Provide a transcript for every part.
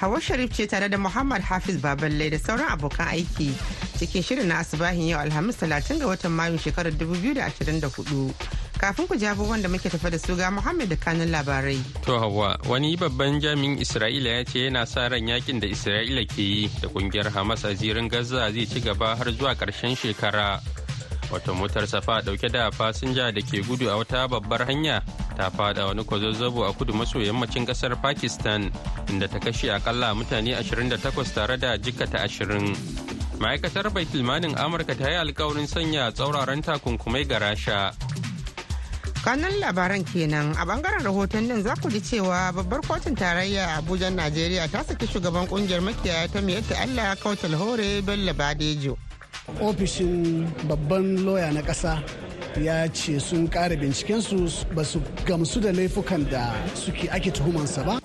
Hawa Sharif ce tare da Muhammad Hafiz Baballe da sauran abokan aiki cikin shirin na asibahin yau Alhamis talatin ga watan Mayu shekarar 2024. Kafin ku jabo wanda muke tafa da su ga Muhammad da kanun labarai. To Hawa, wani babban jami'in Isra'ila ya ce yana sa ran yakin da Isra'ila ke yi da kungiyar Hamas a zirin Gaza zai ci gaba har zuwa ƙarshen shekara. wata motar safa dauke da fasinja da ke gudu a wata babbar hanya ta fada wani kwazazzabo a kudu maso yammacin kasar pakistan inda ta kashe akalla mutane 28 tare da jikata 20 ma'aikatar tilmanin amurka ta yi alkawarin sanya tsauraran takunkumai ga rasha kanan labaran kenan a bangaren rahoton nan za ku ji cewa babbar kotun tarayya a abuja najeriya ta saki shugaban kungiyar makiyaya ta ta allah kautal hore bello badejo ofishin babban loya na ƙasa ya ce sun ƙara bincikensu ba su gamsu da laifukan da suke ake tuhumansa ba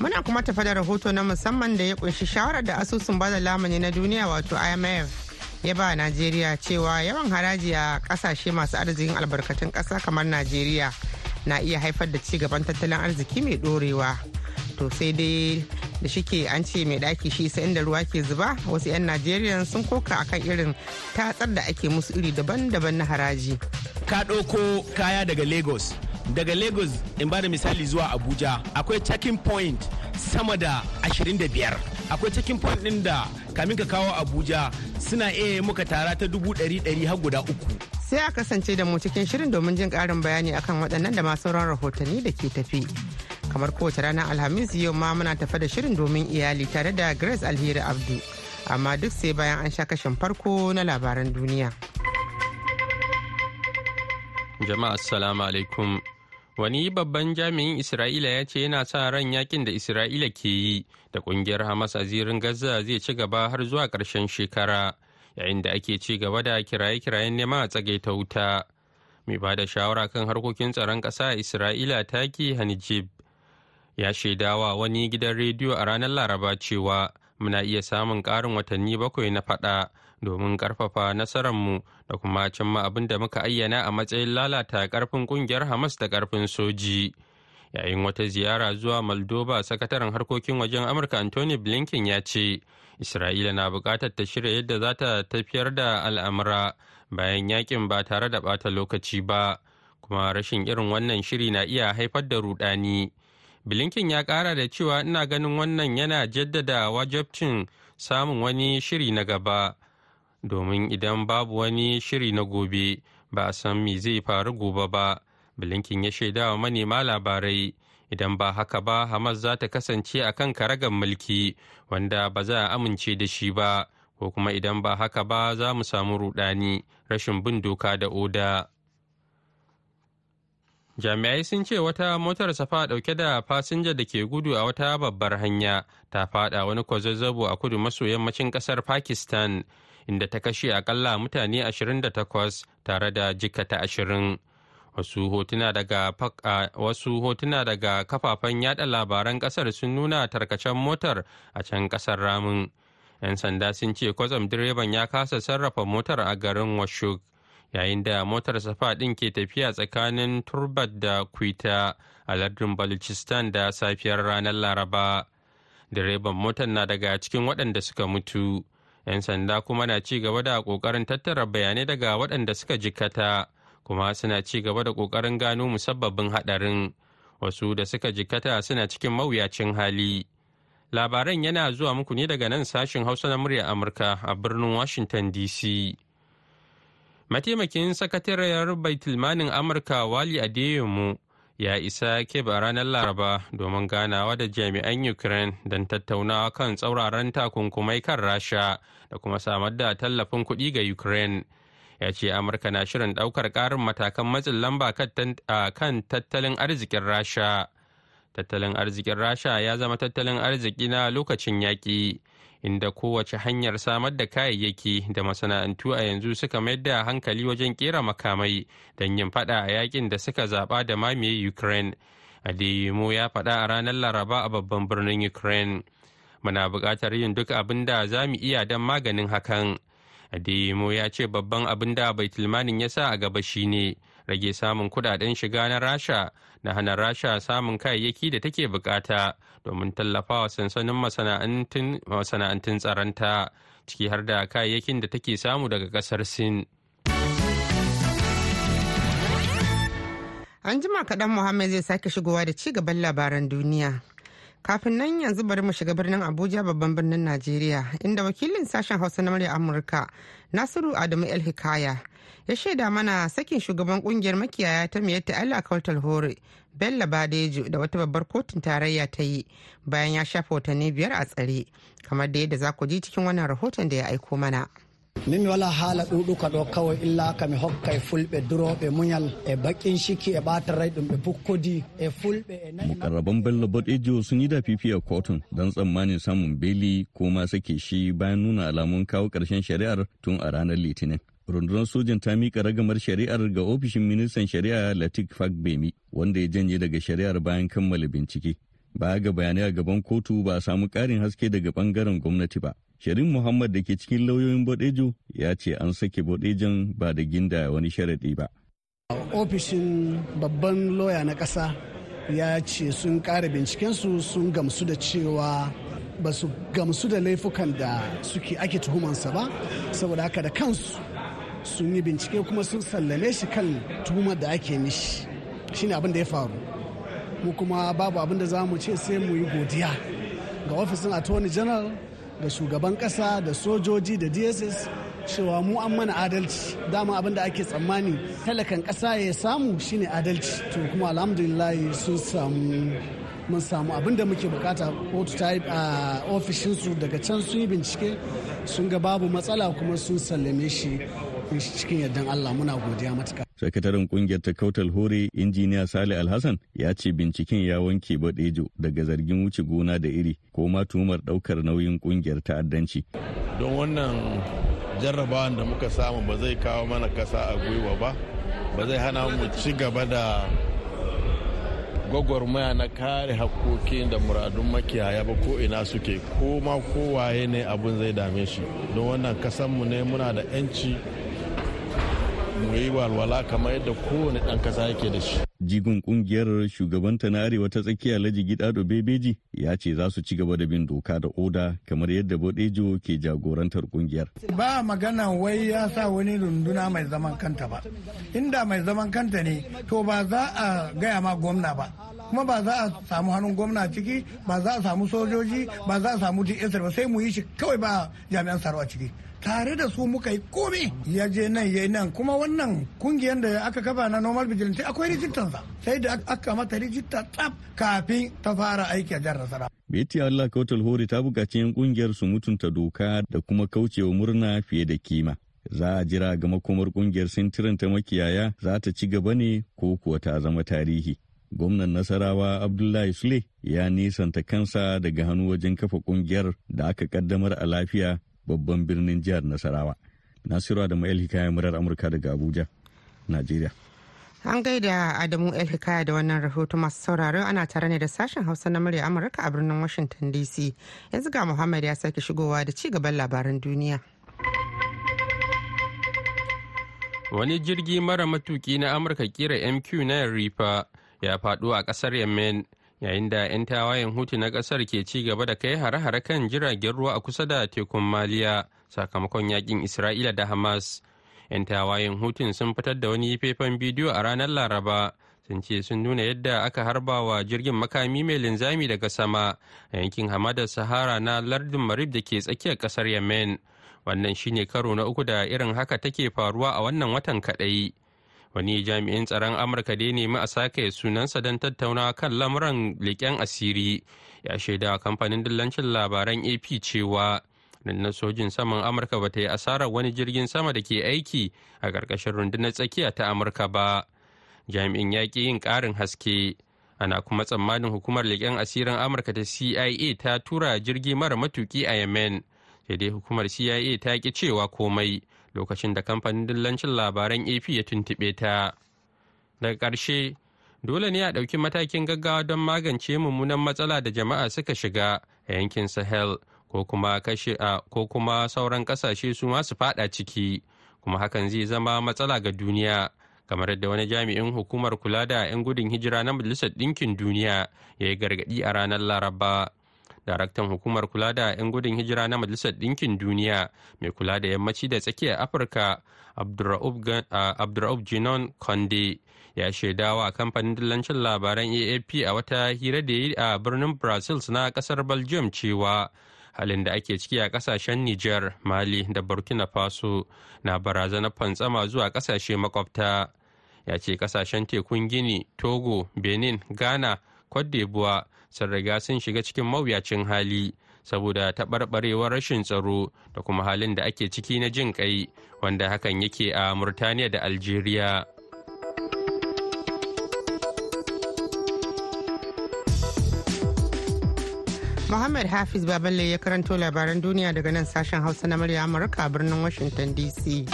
muna kuma tafa da rahoto na musamman da ya kunshi shawarar da asusun bada lamani na duniya wato imf ya ba najeriya cewa yawan haraji a kasashe masu arzikin albarkatun ƙasa kamar najeriya na iya haifar da ci gaban tattalin arziki mai ɗorewa. to sai dai da shike an ce mai daki shi sai inda ruwa ke zuba wasu 'yan najeriya sun koka akan irin tatsar da ake musu iri daban-daban na haraji ka ɗauko kaya daga lagos daga lagos in ba da misali zuwa abuja akwai checking point sama da 25 akwai checking point ɗin da kamin ka kawo abuja suna iya muka tara ta dubu ɗari ɗari har guda uku sai a kasance da mu cikin shirin domin jin ƙarin bayani akan waɗannan da masu sauran rahotanni da ke tafi kamar kowace rana alhamis yau ma muna tafa da shirin domin iyali tare da grace alheri abdu amma duk sai bayan an sha kashin farko na labaran duniya jama'a assalamu alaikum wani babban jami'in isra'ila ya ce yana sa ran yakin da isra'ila ke yi da kungiyar hamas a zirin gaza zai ci gaba har zuwa karshen shekara yayin da ake ci gaba da kiraye-kirayen nema a ta wuta mai ba da shawara kan harkokin tsaron ƙasa a isra'ila taki hanijib ya shaidawa wani gidan rediyo a ranar laraba cewa muna iya samun ƙarin watanni bakwai na faɗa domin ƙarfafa nasararmu da kuma cimma abin da muka ayyana a matsayin lalata ƙarfin ƙungiyar hamas da karfin soji yayin wata ziyara zuwa moldova sakataren harkokin wajen amurka anthony blinken ya ce isra'ila na buƙatar ta shirya yadda za ta tafiyar da al'amura bayan yakin ba tare da bata lokaci ba kuma rashin irin wannan shiri na iya haifar da rudani. bilinkin ya kara da cewa ina ganin wannan yana jaddada wajabcin samun wani shiri na gaba domin idan babu wani shiri na gobe ba a san me zai faru gobe ba. bilinkin ya shaidawa manema labarai idan ba haka ba Hamas za ta kasance a kan karagan mulki wanda ba za a amince da shi ba ko kuma idan ba haka ba za mu samu rudani rashin bin doka da oda. jami'ai sun ce wata motar safa dauke da fasinja da ke gudu a wata babbar hanya ta fada wani kwazazzabo a kudu maso yammacin kasar pakistan inda ta kashe akalla mutane 28 tare da jikata 20 wasu hotuna daga wasu hotuna daga kafafen yada labaran kasar sun nuna tarkacen motar a can kasar ramin 'yan sanda sun ce kwazam direban ya kasa sarrafa motar a garin washuk yayin da motar safa ɗin ke tafiya tsakanin turbat da kwita a lardin balochistan da safiyar ranar laraba direban motar na daga cikin waɗanda suka mutu 'yan sanda kuma na ci gaba da ƙoƙarin tattara bayanai daga waɗanda suka jikata kuma suna ci gaba da ƙoƙarin gano musabbabin haɗarin wasu da suka jikata suna cikin mawuyacin hali labaran yana zuwa muku ne daga nan sashin hausa na murya amurka a birnin washington dc mataimakin sakatariyar baitulmanin amurka wali adeyemu ya isa keb a ranar laraba domin ganawa da jami'an ukraine don tattaunawa kan tsauraran takunkumai kan rasha da kuma samar da tallafin kuɗi ga ukraine ya ce amurka na shirin ɗaukar ƙarin matakan matsin lamba kan tattalin arzikin rasha tattalin arzikin rasha ya zama tattalin arziki na lokacin yaƙi inda kowace hanyar samar da kayayyaki da masana'antu a yanzu suka mayar da hankali wajen kera makamai don yin fada a yakin da suka zaba da mamaye ukraine adeyemo ya fada a ranar laraba a babban birnin ukraine muna bukatar yin duk abin da za mu iya don maganin hakan adeyemo ya ce babban abin da baitulmanin ya sa a gaba shine ne rage samun kudaden shiga na rasha na hana rasha samun kayayyaki da take bukata domin tallafawa sansanin masana'antun tsaronta ciki har da kayayyakin da take samu daga kasar sin an jima kaɗan muhammad zai sake shigowa da ci gaban labaran duniya Kafin nan yanzu bari mu shiga birnin Abuja babban birnin Najeriya inda wakilin sashen Hausa na murya Amurka Nasiru Adamu El Hikaya ya shaida mana sakin shugaban kungiyar makiyaya ta ta ala Kautal Hore Bello Badejo da wata babbar kotun tarayya ta yi bayan ya shafa watanni biyar a tsare kamar da yadda za ku ji cikin wannan rahoton da ya aiko mana. mimi wala dudu ɗuɗuka ɗo kawai illa ka mi hokkai fulɓe duroɓe muñal e baƙin ciki e ɓata ray ɗum ɓe pukkodi e fulɓe e nayi mukarraban bello sun yi da fifiya a kotun don tsammanin samun beli ko ma sake shi bayan nuna alamun kawo ƙarshen shari'ar tun a ranar litinin rundunar sojan ta mika ragamar shari'ar ga ofishin ministan shari'a latik fagbemi wanda ya janye daga shari'ar bayan kammala bincike Ba ga bayanai a gaban kotu ba a samu ƙarin haske daga ɓangaren gwamnati ba. sharin Muhammad da ke cikin lauyoyin Bodejo ya ce an sake Bodejon ba da ginda wani sharaɗi ba. Ofishin babban loya na ƙasa ya ce sun ƙara bincikensu sun gamsu da cewa ba su gamsu da laifukan da suke ake tuhumansa ba saboda haka da kansu sun yi bincike kuma sun sallame shi kan tuhumar da ake mishi shine abin da ya faru mu kuma babu abin da za mu ce sai mu yi godiya ga ofisin attorney general da shugaban kasa da sojoji da dss cewa mu an mana adalci dama abin da ake tsammani talakan kasa ya samu shine adalci to kuma alhamdulillah sun samu mun samu abin da muke bukata kotu ta yi a ofishinsu daga can sun yi bincike sun ga babu matsala kuma sun sallame shi cikin yardan Allah muna godiya matuka. Sakataren kungiyar ta Kautal Hore injiniya Sale Alhassan ya ce binciken ya wanke Badejo daga zargin wuce gona da iri ko ma tumar daukar nauyin kungiyar ta'addanci. Don wannan jarrabawan da muka samu ba zai kawo mana kasa a gwiwa ba, ba zai hana mu ci gaba da gwagwarmaya na kare hakokin da muradun makiyaya ba ko ina suke ko ma kowaye ne abin zai dame shi don wannan kasanmu ne muna da 'yanci mu yi walwala kamar yadda kowane dan kasa yake da shi. Jigun kungiyar shugabanta na arewa ta tsakiya Laji Gidado Bebeji ya ce za su ci gaba da bin doka da oda kamar yadda Bodejo ke jagorantar kungiyar. Ba magana wai ya sa wani runduna mai zaman kanta ba. Inda mai zaman kanta ne to ba za a gaya ma gwamna ba. Kuma ba za a samu hannun gwamna ciki, ba za a samu sojoji, ba za a samu DSR ba sai mu yi shi kawai ba jami'an tsaro a ciki. tare da su muka yi komi ya je nan ya nan kuma wannan kungiyar da aka kafa na normal vigilante akwai sa sai da aka mata rijista tsaf kafin ta fara aiki a jihar nasara Betty Allah Kautal Hori ta bukaci 'yan kungiyar su mutunta doka da kuma kaucewa murna fiye da kima. Za a jira ga makomar kungiyar sintirin ta makiyaya za ta ci gaba ne ko kuwa ta zama tarihi. Gwamnan Nasarawa Abdullahi Sule ya nisanta kansa daga hannu wajen kafa kungiyar da aka kaddamar a lafiya babban birnin jihar Nasarawa. Nasiru Adamu El Hikaya murar Amurka daga Abuja, Najeriya. An gaida Adamu El Hikaya da wannan rahoto masu sauraro ana tare ne da sashen Hausa na murya Amurka a birnin Washington DC. Yanzu ga Muhammad ya sake shigowa da ci gaban labaran duniya. Wani jirgi mara matuki na Amurka kira MQ na Reaper ya faɗo a ƙasar Yemen. yayin da 'yan tawayen hutu na kasar ke ci gaba da kai hare-hare kan jiragen ruwa a kusa da tekun maliya sakamakon yakin isra'ila da hamas 'yan tawayen hutun sun fitar da wani faifan bidiyo a ranar laraba sun ce sun nuna yadda aka harba wa jirgin makami mai linzami daga sama a yankin hamadar sahara na lardin marib da ke tsakiyar kasar yemen wannan shine karo na uku da irin haka take faruwa a wannan watan kadai wani jami'in tsaron amurka da ya nemi a sake sunansa don tattauna kan lamuran leƙen asiri ya shaida kamfanin dillancin labaran ap cewa na sojin saman amurka ba ta yi asarar wani jirgin sama da ke aiki a ƙarƙashin rundunar tsakiya ta amurka ba jami'in ya ƙi yin ƙarin haske ana kuma tsammanin hukumar leƙen asirin amurka ta cia ta tura jirgi mara matuki a yemen sai dai hukumar cia ta ƙi cewa komai lokacin da kamfanin dillancin labaran ap ya tuntube ta daga ƙarshe dole ne a ɗauki matakin gaggawa don magance mummunan matsala da jama'a suka shiga a yankin sahel ko kuma kashe ko kuma sauran ƙasashe su masu faɗa ciki kuma hakan zai zama matsala ga duniya kamar yadda wani jami'in hukumar kula da 'yan gudun hijira na majalisar ɗinkin duniya ya yi gargaɗi a ranar laraba daraktan hukumar kula da 'yan gudun hijira na majalisar ɗinkin duniya mai kula da yammaci da tsakiyar afirka abdurraub jinon Conde ya shaidawa kamfanin dillancin labaran aap a wata hira da yi a birnin brazil na kasar belgium cewa halin da ake ciki a kasashen niger mali da burkina faso na barazanar fantsama zuwa kasashe makwabta ya ce kasashen tekun gini togo benin ghana cote d'ivoire sun riga sun shiga cikin mawuyacin hali saboda taɓarɓarewar rashin tsaro da kuma halin da ake ciki na jin kai wanda hakan yake a murtaniya da algeria Muhammad Hafiz Baballe ya karanto labaran duniya daga nan sashen Hausa na murya Amurka birnin Washington DC.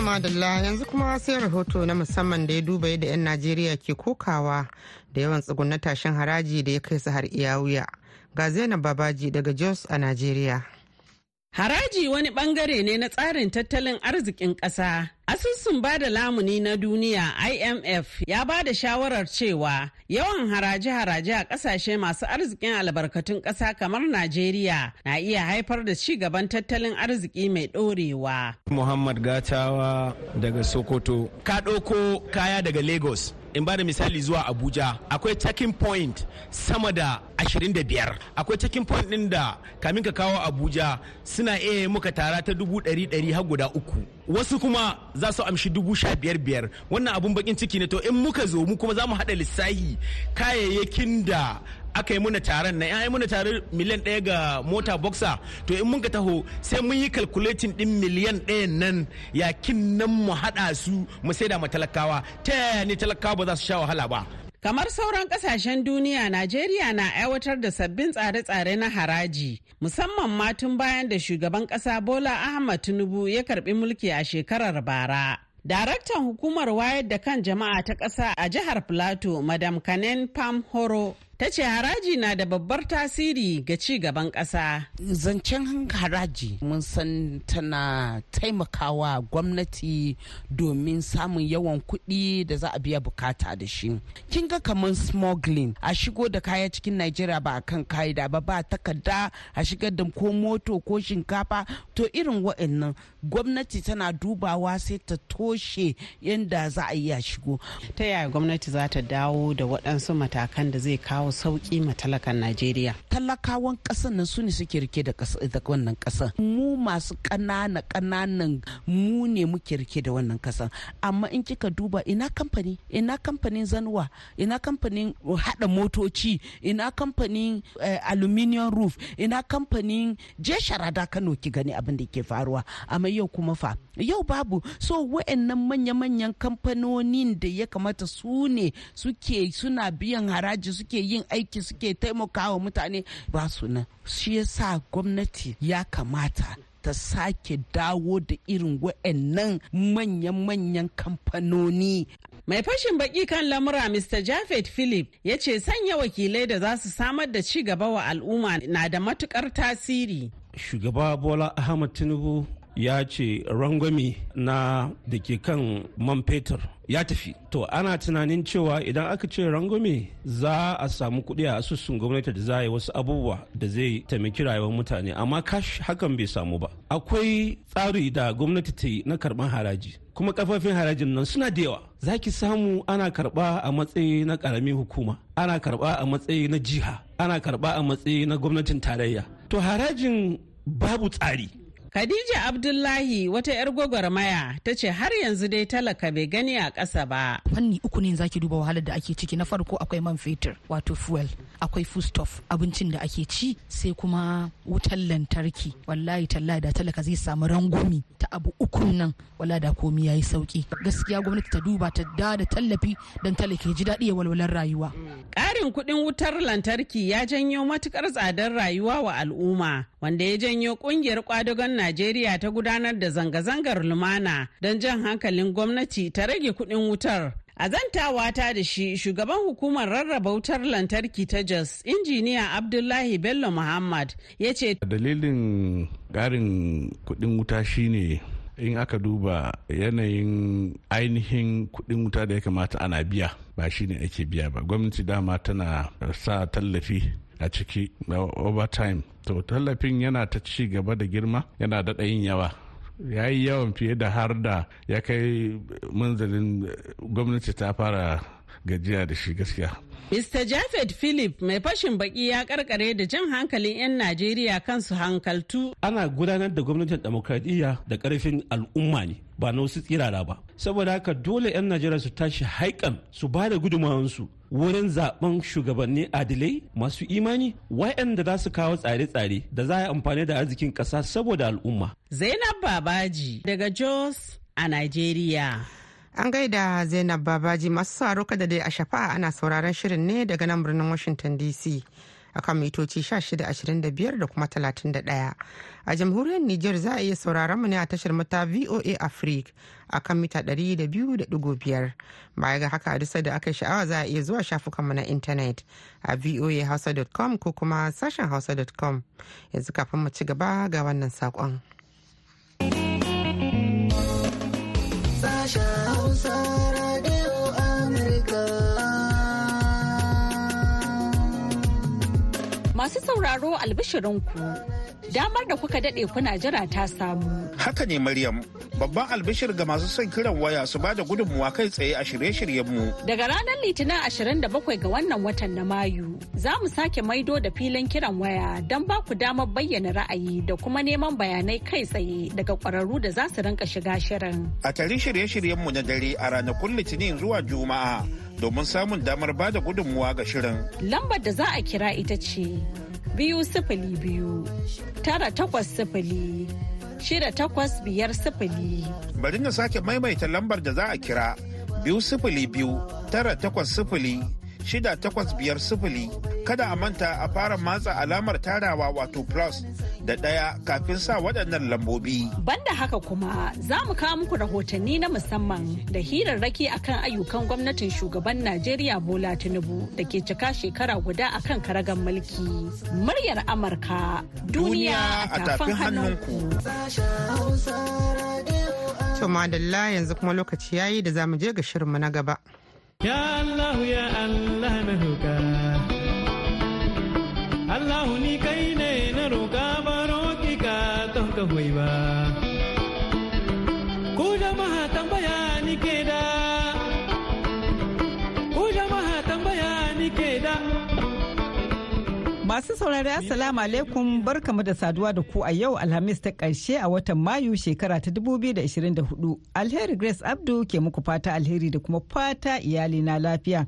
To madalla yanzu kuma sai rahoto na musamman da ya duba yadda 'yan Najeriya ke kokawa da yawan tsugunna tashin haraji da ya kai su har iya wuya. Ga Zainab Babaji daga Jos a Najeriya. Haraji wani bangare ne na tsarin tattalin arzikin ƙasa Asusun ba da lamuni na duniya IMF ya ba da shawarar cewa yawan haraje-haraje a kasashe masu arzikin albarkatun ƙasa kamar Najeriya na iya haifar da ci gaban tattalin arziki mai ɗorewa. Muhammad Gatawa daga Sokoto. Ka ɗauko kaya daga Lagos. in ba da misali zuwa abuja akwai checking point sama da 25 akwai checking point ɗin da kamin ka kawo abuja suna iya yi muka tara ta dubu ɗari ɗari har guda uku wasu kuma za su amshi dubu sha biyar biyar wannan abun bakin ciki ne to in muka zo mu kuma za mu haɗa lissahi kayayyakin da aka yi muna taron na yi muna taron miliyan ɗaya ga mota boxer to in mun ka taho sai mun yi calculating din miliyan ɗaya nan yakin nan mu haɗa su mu saida ma talakawa ta yaya ne talakawa ba za su sha wahala ba Kamar sauran kasashen duniya, Najeriya na aiwatar da sabbin tsare-tsare na haraji, musamman matun bayan da shugaban ƙasa Bola Ahmad Tinubu ya karɓi mulki a shekarar bara. Daraktan hukumar wayar da kan jama'a ta ƙasa a jihar Plateau, Madam Kanen Pam Horo, ta ce haraji na da babbar tasiri ga ci gaban ƙasa. zancen haraji mun san tana taimakawa gwamnati domin samun yawan kuɗi da za a biya bukata da shi kin ga kamar smuggling a shigo da kaya cikin nigeria ba a kan ka'ida ba ba takarda a shigar da ko moto ko shinkafa to irin wa'annan gwamnati tana dubawa sai ta toshe yadda za a iya shigo ta yaya gwamnati za ta dawo da waɗansu matakan da zai kawo kawo sauki ma talakan Najeriya. Talakawan ƙasar nan su ne suke rike da wannan ƙasar. Mu masu ƙanana ƙananan mu ne muke rike da wannan ƙasar. Amma in kika duba ina kamfani, ina kamfanin zanwa, ina kamfanin hada motoci, ina kamfanin eh, aluminium roof, ina kamfanin je sharada Kano ki gani abin da ke faruwa. Amma yau kuma fa, yau babu. So wa'annan manya-manyan kamfanonin da ya kamata su ne suke suna biyan haraji suke yin yin aiki suke taimakawa mutane ba su nan shi yasa gwamnati ya kamata ta sake dawo da irin wa'annan manyan-manyan kamfanoni. Mai fashin baki kan lamura Mr. Japheth Philip ya ce sanya wakilai da za su samar da ci gaba wa al'umma na da matukar tasiri. Shugaba Bola Ahmad Tinubu ya ce rangwame na da ke kan man fetur ya tafi to ana tunanin cewa idan aka ce rangwame za a samu kuɗi a asusun gwamnati da za a yi wasu abubuwa da zai taimaki rayuwar mutane amma kash hakan bai samu ba akwai tsari da gwamnati ta yi na karɓar haraji kuma kafafin harajin nan suna da yawa za ki samu ana karɓa a matsayi na karamin hukuma ana karba a matsayi na jiha ana karɓa a matsayi na gwamnatin tarayya to harajin babu tsari Khadija Abdullahi wata 'yar gwagwarmaya ta ce har yanzu dai talaka bai gani a ƙasa ba. Fanni uku ne zaki duba wahalar da ake ciki na farko akwai man fetur wato fuel akwai foodstuff abincin da ake ci sai kuma wutar lantarki wallahi talla da talaka zai samu rangumi ta abu uku nan wala da komi yayi sauki gaskiya gwamnati ta duba ta da da tallafi don talaka ya ji daɗi ya walwalar rayuwa. Ƙarin kuɗin wutar lantarki ya janyo matukar tsadar rayuwa wa al'umma wanda ya janyo ƙungiyar ƙwadagon Najeriya ta gudanar da zanga-zangar lumana don jan hankalin gwamnati ta rage kuɗin wutar. A zantawa ta da shi shugaban hukumar rarraba wutar lantarki ta Jos, injiniya Abdullahi Bello Muhammad ya ce. Dalilin ƙarin kuɗin wuta shine in aka duba yanayin ainihin kuɗin wuta da ya kamata ana biya ba shine ake biya ba. Gwamnati dama tana sa tallafi a ciki na overtime to tallafin yana ta ci gaba da girma yana da yin yawa ya yi yawan fiye da har da ya kai munzalin eh, gwamnati ta fara gajiya da shi gaskiya Mr. Jafet Philip mai fashin baki ya karkare da jan hankalin 'yan Najeriya kansu hankaltu. Ana gudanar da gwamnatin demokradiyya da karfin al'umma ne ba na wasu tsirara ba. Saboda haka dole 'yan Najeriya su tashi haikan su ba da gudunmawansu wurin zaben shugabanni adilai masu imani da za su kawo tsare-tsare da za a amfani da arzikin ƙasa saboda al'umma. Zainab Babaji daga Jos a Najeriya. An gaida Zainab Babaji masu saruka kada dai a shafa'a ana sauraron shirin ne daga nan birnin Washington DC akan mitoci 1625 da kuma 31. A jamhuriyar Nijar za a iya sauraron mu ne a tashar mata VOA Africa akan mita 200.5. Baya ga haka a dusa da aka sha'awa za a iya zuwa shafukan mu na intanet a voahausa.com ko kuma sashen hausa.com. Yanzu kafin mu ci gaba ga wannan saƙon. Sashen closer Masu sauraro albishirin ku damar da kuka daɗe kuna jira ta samu. Haka ne Maryam, babban albishir ga masu son kiran waya su bada gudunmuwa kai tsaye a shirye shiryen mu. Daga ranar Litinin 27 ga wannan watan na Mayu, za mu sake maido da filin kiran waya don ba ku damar bayyana ra'ayi da kuma neman bayanai kai tsaye daga ƙwararru da za su rinka shiga shirin. A tare shirye shiryen mu na dare a ranakun Litinin zuwa Juma'a. domin samun damar ba da gudunmuwa ga shirin. Lambar da za a kira ita ce biyu sifili biyu tara takwas sifili shida takwas biyar sifili. Bari na sake maimaita lambar da za a kira biyu sifili biyu tara takwas sifili 6850 kada a manta a fara matsa alamar tarawa wato plus da ɗaya kafin sa waɗannan lambobi. Banda haka kuma za mu kawo muku rahotanni na musamman da hirarraki akan ayyukan gwamnatin shugaban Najeriya Bola Tinubu da ke cika shekara guda akan karagan mulki. Muryar Amurka duniya a tafin hannunku. To yanzu kuma lokaci yayi da zamu je ga mu na gaba. Ya Allah ya Allah na roƙa. Allah ni kai ne na roƙa baro ki ka ton ka ba. Masu saurari Assalamu alaikum barkamu da saduwa da ku a yau Alhamis ta karshe a watan Mayu shekara ta 2024. Alheri Grace Abdu ke muku fata alheri da kuma fata iyali na lafiya.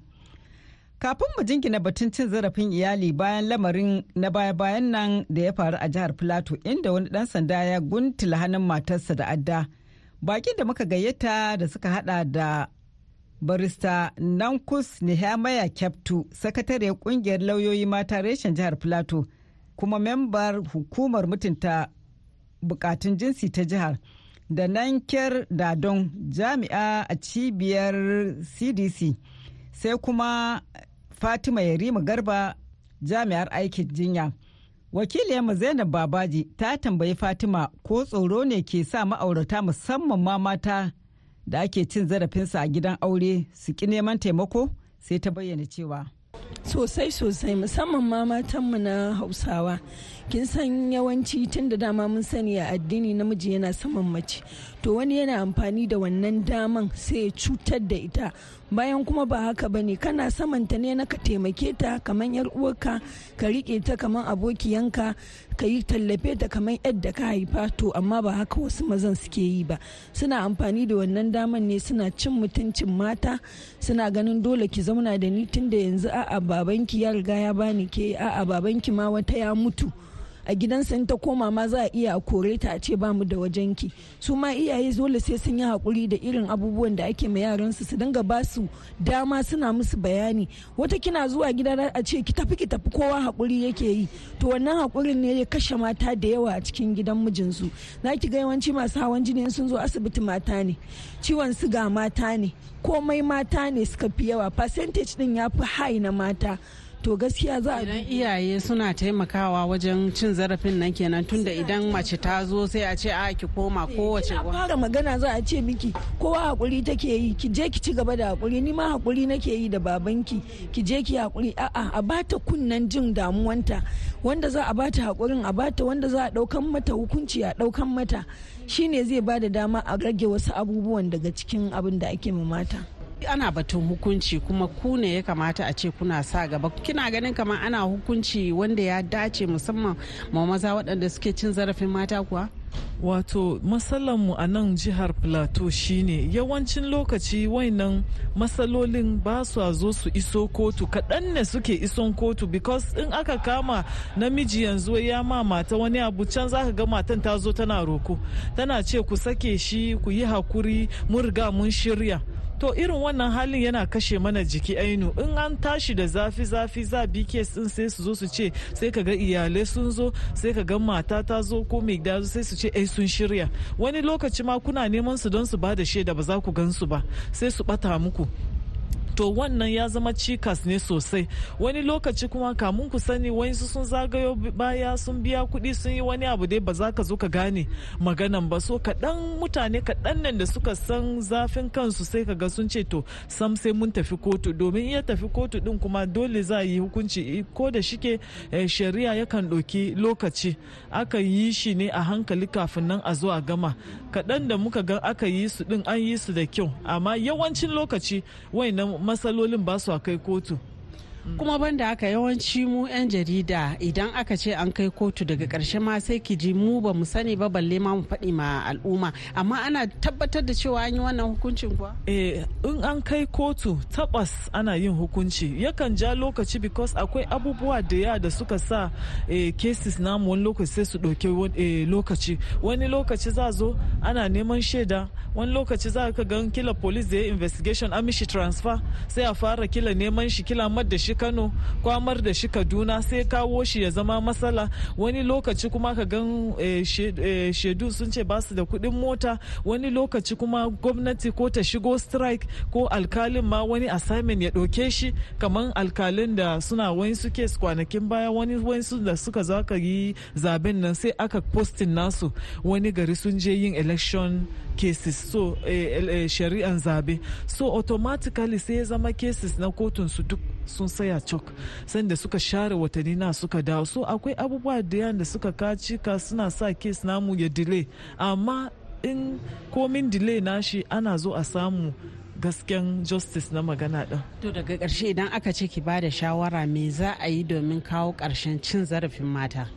Kafin mu jingina batun cin zarafin iyali bayan lamarin na baya-bayan nan da ya faru a jihar Filato inda wani dan sanda ya guntula hannun matarsa da adda. Bakin da muka gayyata da suka hada da barista nankus nihamaya kyaftu sakatare kungiyar lauyoyi mata reshen jihar plateau kuma membar hukumar mutunta bukatun jinsi ta jihar da nankyar dadon jami'a a cibiyar cdc sai kuma fatima yarima garba jami'ar aikin jinya wakiliyarmu zainab babaji ta tambayi fatima ko tsoro ne ke sa ma'aurata musamman ma mata da ake cin zarafinsa a gidan aure su ki neman taimako sai ta bayyana cewa sosai sosai musamman ma matanmu na hausawa kin san yawanci tun da dama mun sani a addini namiji yana saman mace to wani yana amfani da wannan daman sai ya cutar da ita bayan kuma ba haka ba ne kana samanta ne na ka taimake ta kamar yar uwarka ka rike ta kamar abokiyanka ka yi tallafe ta kamar yadda ka haifa to amma ba haka wasu mazan suke yi ba suna amfani da wannan daman ne suna cin mutuncin mata suna ganin dole ki zauna da ni tun da yanzu a'a babanki ya riga ya bani ke a'a babanki ma wata ya mutu a gidan in ta koma ma za a iya a kore ta a ce ba mu da wajenki su ma iyaye dole sai sun yi hakuri da irin abubuwan da ake ma yaran su su dinga ba su dama suna musu bayani wata kina zuwa gida a ce ki tafi ki tafi kowa hakuri yake yi to wannan hakurin ne ya kashe mata da yawa a cikin gidan mijin mijinsu na ki ga yawanci masu hawan jini sun zo asibiti mata ne ciwon siga mata ne komai mata ne suka fi yawa percentage din ya fi high na mata to gaskiya za a idan iyaye suna taimakawa wajen cin zarafin nan kenan tunda idan mace ta zo sai a ce a ki koma eh, kowace ba fara magana za a ce miki kowa hakuri take yi ki je ki ci gaba da hakuri ni ma hakuri nake yi da babanki ki je ki hakuri a'a a bata kunnan jin damuwanta wanda za a bata hakurin a bata wanda za a daukan mata hukunci a daukan mata shine zai bada dama a rage wasu abubuwan daga cikin abin da ake ma mata ana batun hukunci kuma ku ne ya kamata a ce kuna sa gaba kina ganin kamar ana hukunci wanda ya dace musamman ma maza waɗanda suke cin zarafin mata kuwa wato mu a nan jihar plateau shine yawancin lokaci wainan matsalolin ba su a zo su iso kotu kaɗan ne suke ison kotu because in aka kama namiji yanzu ya ma mata wani abu can za ka ga matan ta zo tana roko tana ce ku sake shi ku yi hakuri mun riga mun shirya to irin wannan halin yana kashe mana jiki ainu in an tashi da zafi zafi za bi din sai su zo su ce sai ka ga iyalai sun zo sai ka ga mata ta zo ko mai gida sai su ce ai sun shirya wani lokaci ma kuna neman su don su ba da shaida ba za ku gan su ba sai su bata muku to wannan ya zama cikas ne sosai wani lokaci kuma kamun ku sani wani sun zagayo baya sun biya kuɗi sun yi wani abu dai ba za ka zo ka gane maganan ba so kaɗan mutane kaɗan nan da suka san zafin kansu sai ka ga sun ce to sam sai mun tafi kotu domin iya tafi kotu din kuma dole za a yi hukunci ko da shike eh, shari'a yakan ɗauki lokaci aka yi shi ne a hankali kafin nan a zo a gama kaɗan da muka ga aka yi su din an yi su da kyau amma yawancin lokaci wayannan matsalolin ba su a kai kotu kuma banda aka yawanci mu 'yan jarida idan aka ce an kai kotu daga karshe ma sai ki ji mu ba mu sani ba balle ma mu faɗi ma al'umma amma ana tabbatar da cewa an yi wannan hukuncin kuwa eh in an kai kotu tabbas ana yin hukunci yakan ja lokaci because akwai abubuwa da ya da suka sa eh, cases namu wani lokaci sai su ɗauke eh, lokaci wani lokaci za zo ana neman shaida wani lokaci za ka gan kila police da ya investigation an mishi transfer sai a fara kila neman shi kila mar da shi kano kwamar da shi kaduna sai kawo shi ya zama matsala wani lokaci kuma ka gan eh, eh, shaidu sun ce ba su da kuɗin mota wani lokaci kuma gwamnati ko ta shigo strike ko alkalin ma wani assignment ya ɗauke shi kamar alkalin da suna wani su kwanakin baya wani wani da suka zaka yi zaben nan sai aka postin nasu wani gari sun je yin election cases so eh, eh, eh, shari'an zabe so automatically sai ya zama cases na kotun su duk sun saya cok sanda suka share watanni na suka dawo so akwai abubuwa da yan da suka kaci ka suna sa kes namu ya delay amma in komin delay nashi ana zo a samu gasken justice na magana ɗin. To daga ƙarshe idan aka ce ki ba da shawara me za a yi domin kawo ƙarshen cin zarafin mata.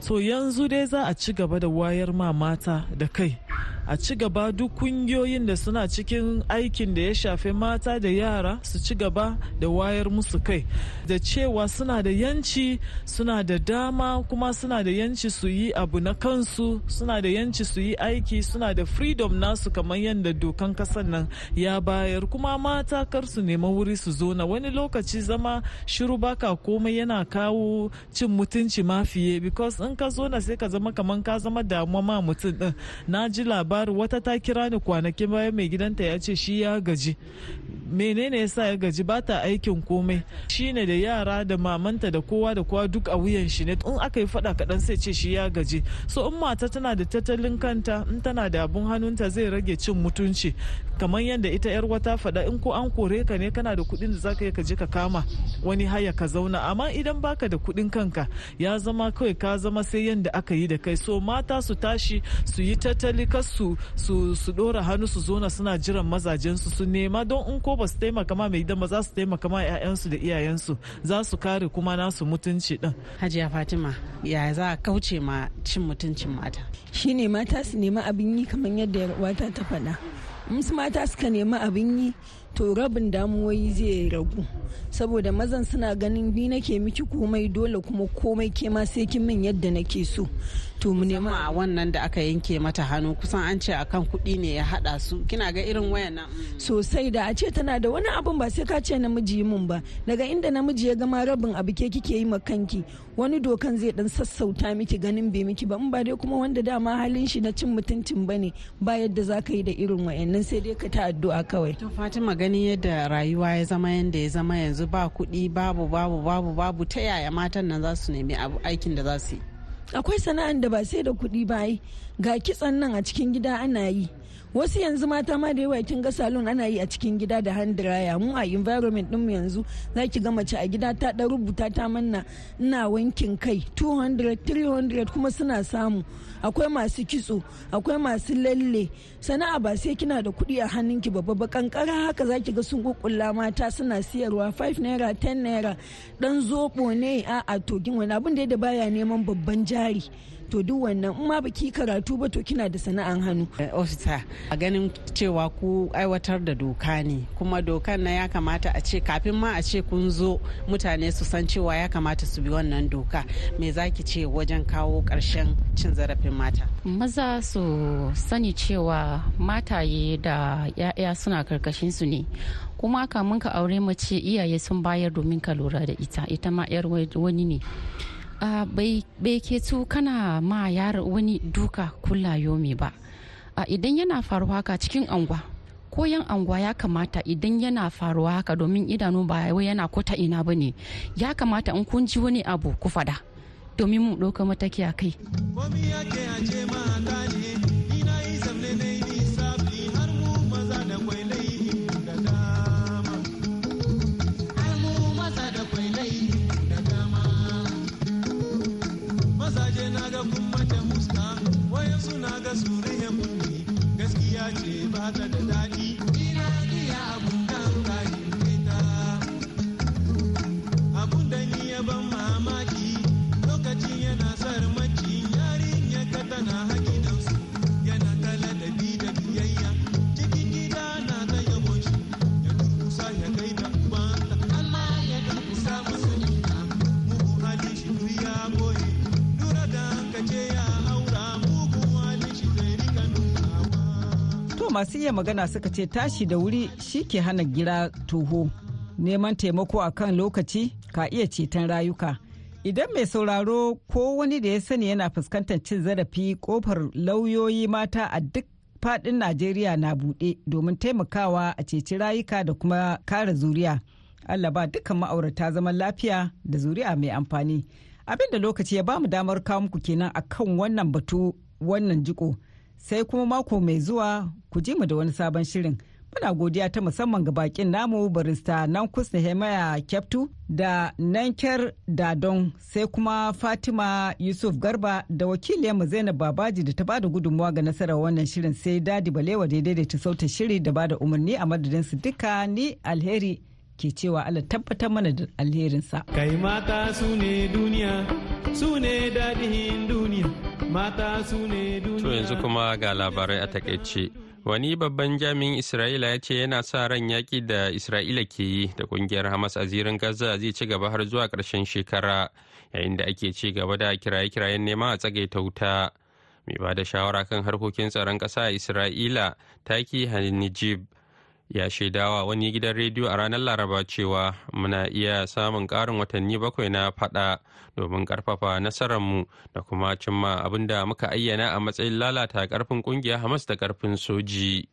to yanzu dai za a ci gaba da wayar ma mata da kai a ci gaba duk kungiyoyin da suna cikin aikin da ya shafi mata da yara su ci gaba da wayar musu kai da cewa suna da yanci suna da dama kuma suna da yanci su yi abu na kansu suna da yanci su yi aiki suna da freedom nasu kamar yadda dokan kasar nan ya bayar kuma mata kar su nema wuri su zo na wani lokaci zama shiru baka komai yana kawo cin mutunci mafiye because in ka zo na sai ka zama kamar ka zama damuwa ma mutum din na ji labarin labari wata ta kira ni kwanakin baya mai gidanta ya ce shi ya gaji menene yasa ya gaji ba ta aikin komai shine da yara da mamanta da kowa da kowa duk a wuyan shi ne in aka yi faɗa kaɗan sai ce shi ya gaji so in mata tana da tattalin kanta in tana da abun hannunta zai rage cin mutunci kamar yadda ita yar wata faɗa in ko an kore ka ne kana da kuɗin da zaka yi ka je ka kama wani haya ka zauna amma idan baka da kuɗin kanka ya zama kawai ka zama sai yadda aka yi da kai so mata su tashi su yi tattali kar su su su dora hannu su zona suna jiran mazajen su su nema don in ko ba su taimaka ma mai gidan ba za su taimaka ma 'ya'yansu da iyayensu za su kare kuma nasu mutunci din hajiya fatima ya za a kauce ma cin mutuncin mata shine mata su nema abin yi kamar yadda wata ta faɗa musu mata suka nema abin yi to rabin damuwoyi zai ragu saboda mazan suna ganin ni nake miki komai dole kuma komai ke ma sai kin min yadda nake so to mu nema a wannan da aka yanke mata hannu kusan an ce akan kuɗi ne ya hada su kina ga irin wayan nan mm. sosai da a ce tana da wani abun ba sai ka ce namiji yi mun ba daga inda namiji ya gama rabin abu ke kike yi ma kanki wani dokan zai dan sassauta miki ganin bai miki ba in ba dai kuma wanda dama halin shi na cin mutuncin ba ne ba yadda za ka yi da irin wayannan sai dai ka ta addu'a kawai to Fatima ganin yadda rayuwa ya zama yanda ya zama yanzu ba kuɗi babu babu babu babu ta yaya matan nan za su nemi aikin da za su yi akwai sana'an da ba sai da kuɗi ba ga kitsan nan a cikin gida ana yi wasu yanzu mata ma da yawa kin ga salon ana yi a cikin gida da hand dryer mu a environment din mu yanzu zaki ga mace a gida ta da rubuta ta manna ina wankin kai 200 300 kuma suna samu akwai masu kitso akwai masu lalle sana'a ba sai kina da kuɗi a hannunki babba ba kankara haka zaki ga sun kukkulla mata suna siyarwa 5 naira 10 naira dan zobo ne a a togin wani abin da baya neman babban jari to duk wannan in ma baki karatu ba to kina da sana'an hannu eh, ofisa a ganin cewa ku aiwatar da doka ne kuma dokan na ya kamata a ce kafin ma a ce kun zo mutane su san cewa ya kamata su bi wannan doka me za ki ce wajen kawo ƙarshen cin zarafin mata maza su sani cewa mataye da 'ya'ya suna karkashin su ne kuma kamun ka aure mace iyaye sun bayar domin ka lura da ita ita ma 'yar wani ne bai bai ketu kana ma yara wani duka kula yomi ba a idan yana faruwa haka cikin angwa koyan angwa ya kamata idan yana faruwa haka domin idanu ba wai yana kota ina ba ne ya kamata in kun ji wani abu ku fada domin mu ɗauka mataki a kai. Komi yake a Azure. masu iya magana suka ce tashi da wuri shi ke hana gira toho neman taimako a kan lokaci ka iya ceton rayuka idan mai sauraro ko wani da ya sani yana fuskantar cin zarafi kofar lauyoyi mata a duk fadin najeriya na buɗe domin taimakawa a ceci rayuka da kuma kare zuriya allah ba dukkan ma'aurata zaman lafiya da zuriya mai amfani abinda lokaci ya bamu damar kawo muku kenan akan wannan batu wannan jiko sai kuma mako mai zuwa ku ji mu da wani sabon shirin. Muna godiya ta musamman ga bakin namu barista nan kusna Hemaya Kyaftu da Nanker Dadon sai kuma Fatima Yusuf Garba da wakiliyarmu Zainab Babaji da ta bada gudunmuwa ga nasarar wannan shirin sai Dadi Balewa daidai da ta sauta shiri da bada umarni a madadin su duka ni alheri ke cewa Allah tabbatar mana da alherinsa. Kai mata su ne duniya, su ne dadihin duniya. mata su ne duniya yanzu kuma ga labarai a takaice wani babban jami'in isra'ila ya ce yana sa ran yaƙi da isra'ila ke yi da ƙungiyar hamas a zirin gaza zai ci gaba har zuwa ƙarshen shekara yayin da ake ci gaba da kiraye-kirayen neman a ta wuta mai ba da shawara kan harkokin tsaron ƙasa a isra'ila taki hanijib ya shaidawa wani gidan rediyo a ranar laraba cewa muna iya samun karin watanni bakwai na fada domin ƙarfafa nasararmu da kuma cimma abinda muka ayyana a matsayin lalata karfin kungiya hamas da karfin soji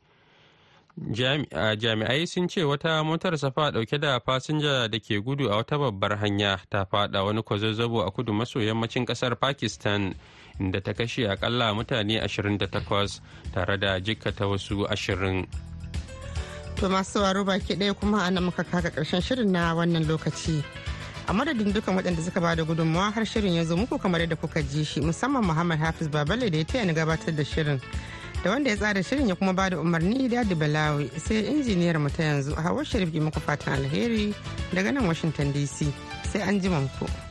jami'ai sun ce wata motar safa dauke da fasinja da ke gudu a wata babbar hanya ta fada wani kwazazzabo a kudu maso yammacin kasar pakistan inda ta kashe akalla mutane 28 tare da jikkata wasu ashirin. To masu waro baki ɗaya kuma a nan muka kaka ƙarshen shirin na wannan lokaci. A madadin dukan waɗanda suka bada gudunmawa har shirin ya zo muku kamar yadda kuka ji shi musamman Muhammad Hafiz Baballe da ya taya ni gabatar da shirin. Da wanda ya tsara shirin ya kuma bada umarni Dadi Balawi sai injiniyar mu ta yanzu Hawwa Sharif muku fatan alheri daga nan Washington DC sai an ji ku.